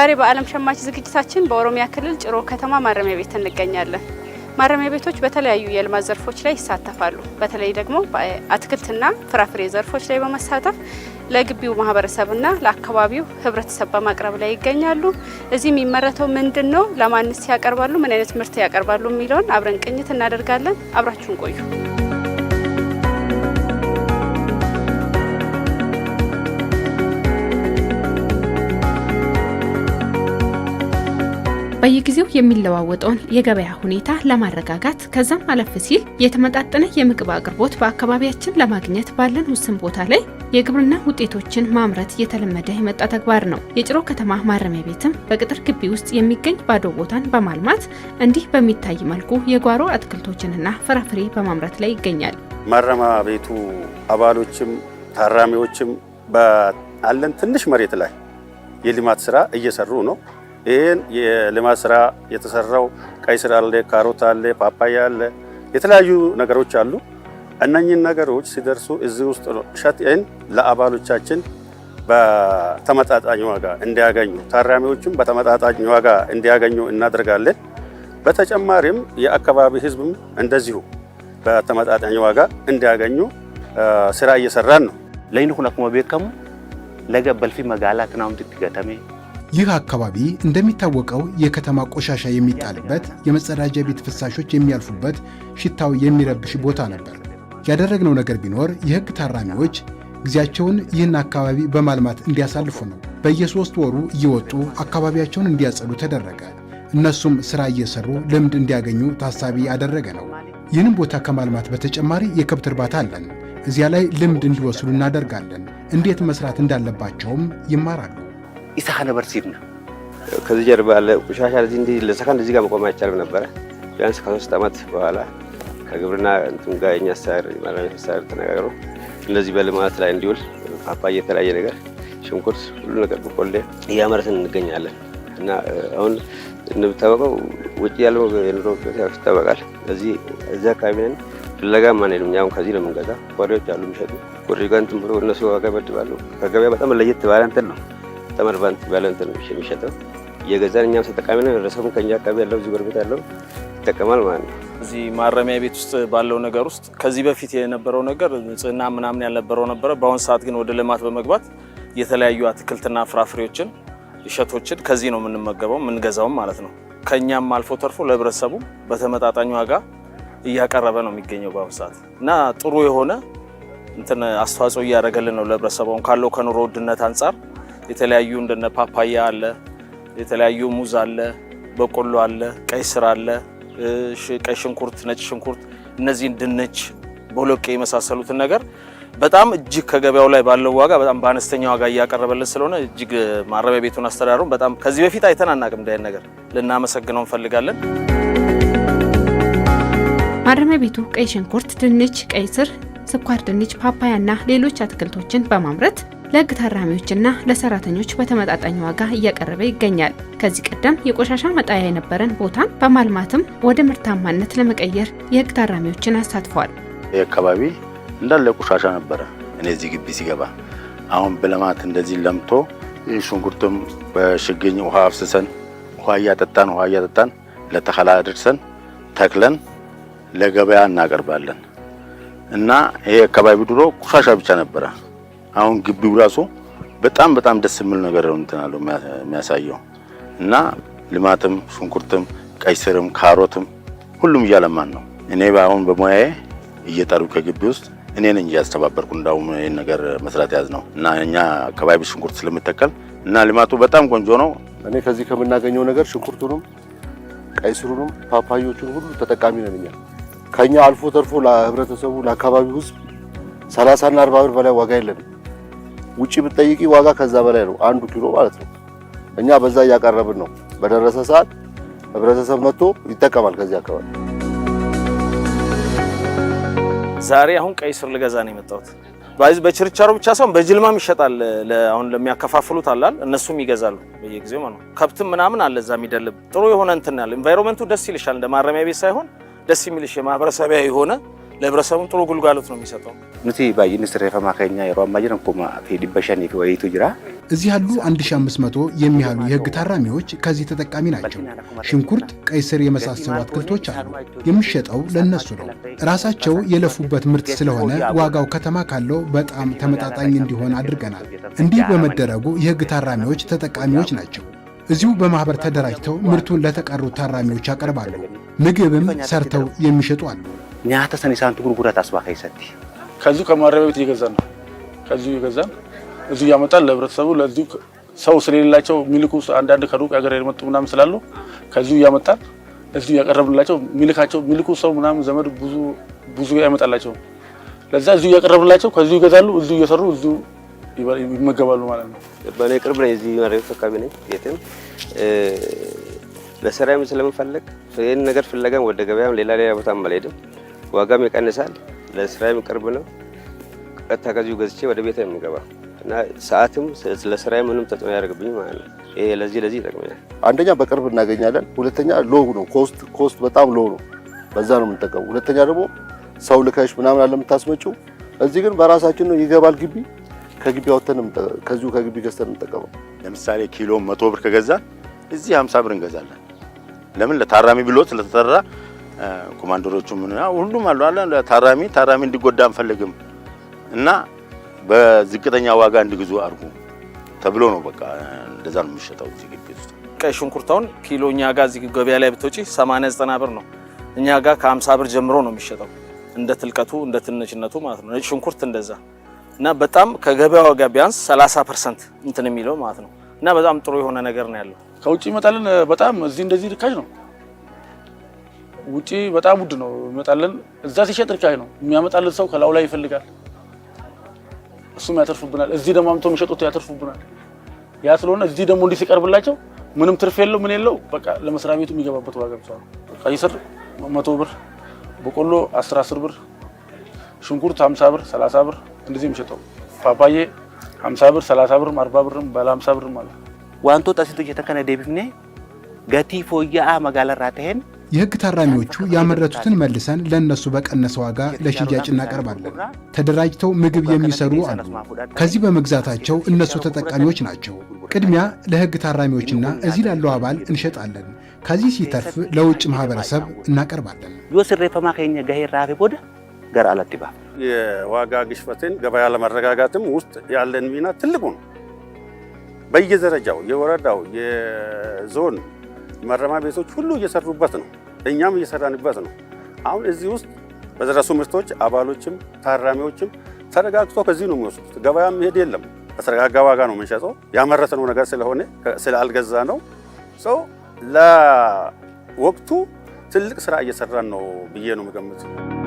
ዛሬ በዓለም ሸማች ዝግጅታችን በኦሮሚያ ክልል ጭሮ ከተማ ማረሚያ ቤት እንገኛለን። ማረሚያ ቤቶች በተለያዩ የልማት ዘርፎች ላይ ይሳተፋሉ። በተለይ ደግሞ በአትክልትና ፍራፍሬ ዘርፎች ላይ በመሳተፍ ለግቢው ማህበረሰብና ለአካባቢው ህብረተሰብ በማቅረብ ላይ ይገኛሉ። እዚህ የሚመረተው ምንድን ነው፣ ለማንስ ያቀርባሉ፣ ምን አይነት ምርት ያቀርባሉ የሚለውን አብረን ቅኝት እናደርጋለን። አብራችሁን ቆዩ። በየጊዜው የሚለዋወጠውን የገበያ ሁኔታ ለማረጋጋት ከዛም አለፍ ሲል የተመጣጠነ የምግብ አቅርቦት በአካባቢያችን ለማግኘት ባለን ውስን ቦታ ላይ የግብርና ውጤቶችን ማምረት እየተለመደ የመጣ ተግባር ነው። የጭሮ ከተማ ማረሚያ ቤትም በቅጥር ግቢ ውስጥ የሚገኝ ባዶ ቦታን በማልማት እንዲህ በሚታይ መልኩ የጓሮ አትክልቶችንና ፍራፍሬ በማምረት ላይ ይገኛል። ማረሚያ ቤቱ አባሎችም ታራሚዎችም በአለን ትንሽ መሬት ላይ የልማት ስራ እየሰሩ ነው። ይህን የልማት ስራ የተሰራው ቀይ ስር አለ፣ ካሮት አለ፣ ፓፓያ አለ፣ የተለያዩ ነገሮች አሉ። እነኝህን ነገሮች ሲደርሱ እዚህ ውስጥ ሸጥን ለአባሎቻችን በተመጣጣኝ ዋጋ እንዲያገኙ፣ ታራሚዎችም በተመጣጣኝ ዋጋ እንዲያገኙ እናደርጋለን። በተጨማሪም የአካባቢ ህዝብም እንደዚሁ በተመጣጣኝ ዋጋ እንዲያገኙ ስራ እየሰራን ነው። ለይን ሁነኩመ ቤከሙ ለገ በልፊ መጋላ ትናምት ትገተሜ ይህ አካባቢ እንደሚታወቀው የከተማ ቆሻሻ የሚጣልበት፣ የመጸዳጃ ቤት ፍሳሾች የሚያልፉበት፣ ሽታው የሚረብሽ ቦታ ነበር። ያደረግነው ነገር ቢኖር የሕግ ታራሚዎች ጊዜያቸውን ይህን አካባቢ በማልማት እንዲያሳልፉ ነው። በየሦስት ወሩ እየወጡ አካባቢያቸውን እንዲያጸዱ ተደረገ። እነሱም ሥራ እየሰሩ ልምድ እንዲያገኙ ታሳቢ ያደረገ ነው። ይህንም ቦታ ከማልማት በተጨማሪ የከብት እርባታ አለን። እዚያ ላይ ልምድ እንዲወስዱ እናደርጋለን። እንዴት መስራት እንዳለባቸውም ይማራሉ። ኢሳ ነበር ሲብና ከዚህ ጀርባ ያለ ቆሻሻ እዚህ እንዲህ ለሰከንድ እዚህ ጋር መቆም አይቻልም ነበረ። ቢያንስ ከሶስት ዓመት በኋላ ከግብርና እንትን ጋር የእኛ አስተዳደር ማራሚያ አስተዳደር ተነጋግሮ እንደዚህ በልማት ላይ እንዲውል ፓፓያ፣ የተለያየ ነገር ሽንኩርት፣ ሁሉ ነገር በቆሌ እያመረትን እንገኛለን እና አሁን እንደሚታወቀው ውጭ ያለው የኑሮ ውጤት ይታወቃል። እዚህ እዚህ አካባቢ ነን ፍለጋ ማን ሄዱም ሁን ከዚህ ነው የምንገዛ። ወሬዎች አሉ የሚሸጡ ወሬ ጋር እንትን ብሎ እነሱ ዋጋ ይበድባሉ። ከገበያ በጣም ለየት ባለ እንትን ነው ተመር ባንክ ባለንት ነው የሚሸጠው የገዛን እኛም ተጠቃሚ ነው። ረሰቡን ከኛ አካባቢ ያለው እዚህ ጎረቤት ያለው ይጠቀማል ማለት ነው። እዚህ ማረሚያ ቤት ውስጥ ባለው ነገር ውስጥ ከዚህ በፊት የነበረው ነገር ንጽህና ምናምን ያልነበረው ነበረ። በአሁን ሰዓት ግን ወደ ልማት በመግባት የተለያዩ አትክልትና ፍራፍሬዎችን እሸቶችን ከዚህ ነው የምንመገበው የምንገዛውም ማለት ነው። ከእኛም አልፎ ተርፎ ለህብረተሰቡ በተመጣጣኝ ዋጋ እያቀረበ ነው የሚገኘው በአሁኑ ሰዓት እና ጥሩ የሆነ እንትን አስተዋጽኦ እያደረገልን ነው ለህብረተሰቡ ካለው ከኑሮ ውድነት አንጻር የተለያዩ እንደነ ፓፓያ አለ፣ የተለያዩ ሙዝ አለ፣ በቆሎ አለ፣ ቀይ ስር አለ፣ ቀይ ሽንኩርት፣ ነጭ ሽንኩርት፣ እነዚህን ድንች፣ ቦሎቄ የመሳሰሉትን ነገር በጣም እጅግ ከገበያው ላይ ባለው ዋጋ በጣም በአነስተኛ ዋጋ እያቀረበልን ስለሆነ እጅግ ማረሚያ ቤቱን አስተዳደሩን በጣም ከዚህ በፊት አይተን አናቅም። እንዳይን ነገር ልናመሰግነው እንፈልጋለን። ማረሚያ ቤቱ ቀይ ሽንኩርት፣ ድንች፣ ቀይ ስር፣ ስኳር ድንች፣ ፓፓያና ሌሎች አትክልቶችን በማምረት ለህግ ታራሚዎችና ለሰራተኞች በተመጣጣኝ ዋጋ እያቀረበ ይገኛል። ከዚህ ቀደም የቆሻሻ መጣያ የነበረን ቦታን በማልማትም ወደ ምርታማነት ለመቀየር የህግ ታራሚዎችን አሳትፏል። ይህ አካባቢ እንዳለ ቆሻሻ ነበረ። እኔ እዚህ ግቢ ሲገባ አሁን በልማት እንደዚህ ለምቶ ሽንኩርትም በሽግኝ ውሃ አፍስሰን ውሃ እያጠጣን ውሃ እያጠጣን ለተከላ አድርሰን ተክለን ለገበያ እናቀርባለን እና ይሄ አካባቢ ድሮ ቆሻሻ ብቻ ነበረ። አሁን ግቢው ራሱ በጣም በጣም ደስ የሚል ነገር ነው እንትን አለው የሚያሳየው እና ልማትም ሽንኩርትም፣ ቀይስርም ስርም፣ ካሮትም ሁሉም እያለማን ነው። እኔ አሁን በሙያዬ እየጠሩ ከግቢ ውስጥ እኔ ነኝ እያስተባበርኩ እንዳውም ይህን ነገር መስራት ያዝ ነው እና እኛ አካባቢ ሽንኩርት ስለምተከል እና ልማቱ በጣም ቆንጆ ነው። እኔ ከዚህ ከምናገኘው ነገር ሽንኩርቱንም ቀይስሩንም ፓፓዮቹን ሁሉ ተጠቃሚ ነን እኛ። ከኛ አልፎ ተርፎ ለህብረተሰቡ ለአካባቢው ህዝብ ሰላሳና አርባ ብር በላይ ዋጋ የለንም። ውጪ ብትጠይቂ ዋጋ ከዛ በላይ ነው፣ አንዱ ኪሎ ማለት ነው። እኛ በዛ እያቀረብን ነው። በደረሰ ሰዓት ህብረተሰብ መጥቶ ይጠቀማል። ከዚህ አካባቢ ዛሬ አሁን ቀይ ስር ልገዛ ነው የመጣሁት። በችርቻሮ ብቻ ሳይሆን በጅልማም ይሸጣል። አሁን ለሚያከፋፍሉት አላል እነሱም ይገዛሉ በየጊዜው ማለት ነው። ከብትም ምናምን አለ እዛ የሚደልብ ጥሩ የሆነ እንትን ያለ ኢንቫይሮመንቱ ደስ ይልሻል። እንደ ማረሚያ ቤት ሳይሆን ደስ የሚልሽ የማህበረሰቢያ የሆነ ለህብረተሰቡም ጥሩ ግልጋሎት ነው የሚሰጠው። ኑቲ ባይን ስሬፈ ማከኛ የሮ አማጅን ኩማ ፌዲበሸን ወይቱ ጅራ እዚህ ያሉ 1500 የሚያሉ የህግ ታራሚዎች ከዚህ ተጠቃሚ ናቸው። ሽንኩርት፣ ቀይ ስር የመሳሰሉ አትክልቶች አሉ። የሚሸጠው ለእነሱ ነው። ራሳቸው የለፉበት ምርት ስለሆነ ዋጋው ከተማ ካለው በጣም ተመጣጣኝ እንዲሆን አድርገናል። እንዲህ በመደረጉ የህግ ታራሚዎች ተጠቃሚዎች ናቸው። እዚሁ በማህበር ተደራጅተው ምርቱን ለተቀሩት ታራሚዎች ያቀርባሉ። ምግብም ሰርተው የሚሸጡ አሉ። nyaata san isaantu gurgura taስባ ከይሰቲ ከዚሁ ከማረቢያ ቤት እየገዛን ነው። ከዚሁ እየገዛን እዚሁ እያመጣን ለህብረተሰቡ ለዚሁ ሰው ስለሌላቸው ሚልኩ አንዳንድ ከሩቅ ሀገር የመጡ ምናምን ስላሉ ከዚሁ እያመጣን እዚሁ እያቀረብንላቸው ሚልካቸው ሚልኩ ሰው ምናምን ዘመድ ብዙ ብዙ አይመጣላቸውም። ለዛ እዚሁ እያቀረብንላቸው ከዚሁ ይገዛሉ፣ እዚሁ እየሰሩ እዚሁ ይመገባሉ ማለት ነው። በእኔ ቅርብ ነው የዚህ ማረቢያ አካባቢ ነኝ። የትም ለስራም ስለምፈልግ ይህን ነገር ፍለጋም ወደ ገበያም ሌላ ሌላ ቦታም አልሄድም ዋጋም ይቀንሳል፣ ለስራም ቅርብ ነው። ቀጥታ ከዚሁ ገዝቼ ወደ ቤት የሚገባ እና ሰዓትም ለስራዬ ምንም ተጽዕኖ ያደርግብኝ ማለት ነው። ይሄ ለዚህ ለዚህ ይጠቅመኛል። አንደኛ በቅርብ እናገኛለን፣ ሁለተኛ ሎው ነው ኮስት ኮስት በጣም ሎው ነው። በዛ ነው የምንጠቀሙ። ሁለተኛ ደግሞ ሰው ልከሽ ምናምን አለ የምታስመጪው። እዚህ ግን በራሳችን ነው ይገባል ግቢ ከግቢ አውጥተን ከዚሁ ከግቢ ገዝተን እንጠቀመው። ለምሳሌ ኪሎ መቶ ብር ከገዛን እዚህ ሀምሳ ብር እንገዛለን። ለምን ለታራሚ ብሎት ለተጠራ ኮማንደሮቹም ሁሉም አሉ አለ ታራሚ ታራሚ እንዲጎዳ አንፈልግም እና በዝቅተኛ ዋጋ እንዲግዙ አድርጉ ተብሎ ነው። በቃ እንደዛ ነው የሚሸጠው እዚህ ግቢ ውስጥ። ቀይ ሽንኩርታውን ኪሎ እኛ ጋር እዚህ ገበያ ላይ ብትወጪ 80 90 ብር ነው። እኛ ጋር ከ50 ብር ጀምሮ ነው የሚሸጠው እንደ ትልቀቱ እንደ ትንሽነቱ ማለት ነው። ነጭ ሽንኩርት እንደዛ እና በጣም ከገበያ ዋጋ ቢያንስ 30 ፐርሰንት እንትን የሚለው ማለት ነው። እና በጣም ጥሩ የሆነ ነገር ነው ያለው። ከውጭ ይመጣልን በጣም እዚህ እንደዚህ ርካሽ ነው። ውጪ በጣም ውድ ነው ይመጣለን። እዛ ሲሸጥ ርካሽ ነው። የሚያመጣልን ሰው ከላው ላይ ይፈልጋል፣ እሱም ያተርፉብናል። እዚህ ደግሞ አምቶ የሚሸጡት ያተርፉብናል። ያ ስለሆነ እዚህ ደግሞ እንዲህ ሲቀርብላቸው ምንም ትርፍ የለው ምን የለው። በቃ ለመስሪያ ቤቱ የሚገባበት ዋጋ ብቻ ነው። ቀይ ስር መቶ ብር፣ በቆሎ አስር አስር ብር፣ ሽንኩርት ሀምሳ ብር ሰላሳ ብር እንደዚህ የሚሸጠው ፓፓዬ ሀምሳ ብር ሰላሳ ብርም አርባ ብርም ባለ ሀምሳ ብርም አለ። ዋንቶ ጠሲቶች የተከነ ደቢፍኔ ገቲ ፎያአ መጋለራ ተሄን የህግ ታራሚዎቹ ያመረቱትን መልሰን ለእነሱ በቀነሰ ዋጋ ለሽያጭ እናቀርባለን። ተደራጅተው ምግብ የሚሰሩ አሉ። ከዚህ በመግዛታቸው እነሱ ተጠቃሚዎች ናቸው። ቅድሚያ ለህግ ታራሚዎችና እዚህ ላለው አባል እንሸጣለን። ከዚህ ሲተርፍ ለውጭ ማህበረሰብ እናቀርባለን። ገር አለጥባ የዋጋ ግሽበትን ገበያ ለማረጋጋትም ውስጥ ያለን ሚና ትልቁ ነው። በየደረጃው የወረዳው የዞን ማረሚያ ቤቶች ሁሉ እየሰሩበት ነው፣ እኛም እየሰራንበት ነው። አሁን እዚህ ውስጥ በደረሱ ምርቶች አባሎችም ታራሚዎችም ተረጋግቶ ከዚህ ነው የሚወስዱት። ገበያ መሄድ የለም። በተረጋጋ ዋጋ ነው የምንሸጠው። ያመረትነው ነገር ስለሆነ ስላልገዛ ነው ሰው ለወቅቱ ትልቅ ስራ እየሰራን ነው ብዬ ነው የምገምት።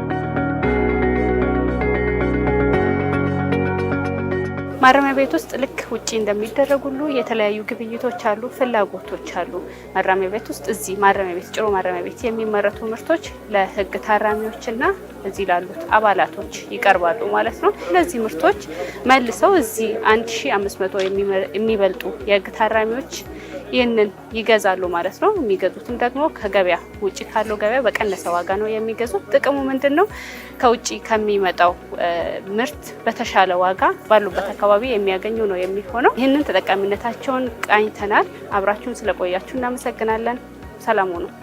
ማረሚያ ቤት ውስጥ ልክ ውጪ እንደሚደረግ ሁሉ የተለያዩ ግብይቶች አሉ፣ ፍላጎቶች አሉ። ማረሚያ ቤት ውስጥ እዚህ ማረሚያ ቤት ጭሮ ማረሚያ ቤት የሚመረቱ ምርቶች ለህግ ታራሚዎችና እዚህ ላሉት አባላቶች ይቀርባሉ ማለት ነው። እነዚህ ምርቶች መልሰው እዚህ 1500 የሚበልጡ የህግ ታራሚዎች ይህንን ይገዛሉ ማለት ነው። የሚገዙትም ደግሞ ከገበያ ውጭ ካለው ገበያ በቀነሰ ዋጋ ነው የሚገዙት። ጥቅሙ ምንድን ነው? ከውጭ ከሚመጣው ምርት በተሻለ ዋጋ ባሉበት አካባቢ የሚያገኙ ነው የሚሆነው። ይህንን ተጠቃሚነታቸውን ቃኝተናል። አብራችሁን ስለቆያችሁ እናመሰግናለን። ሰላሙ ነው።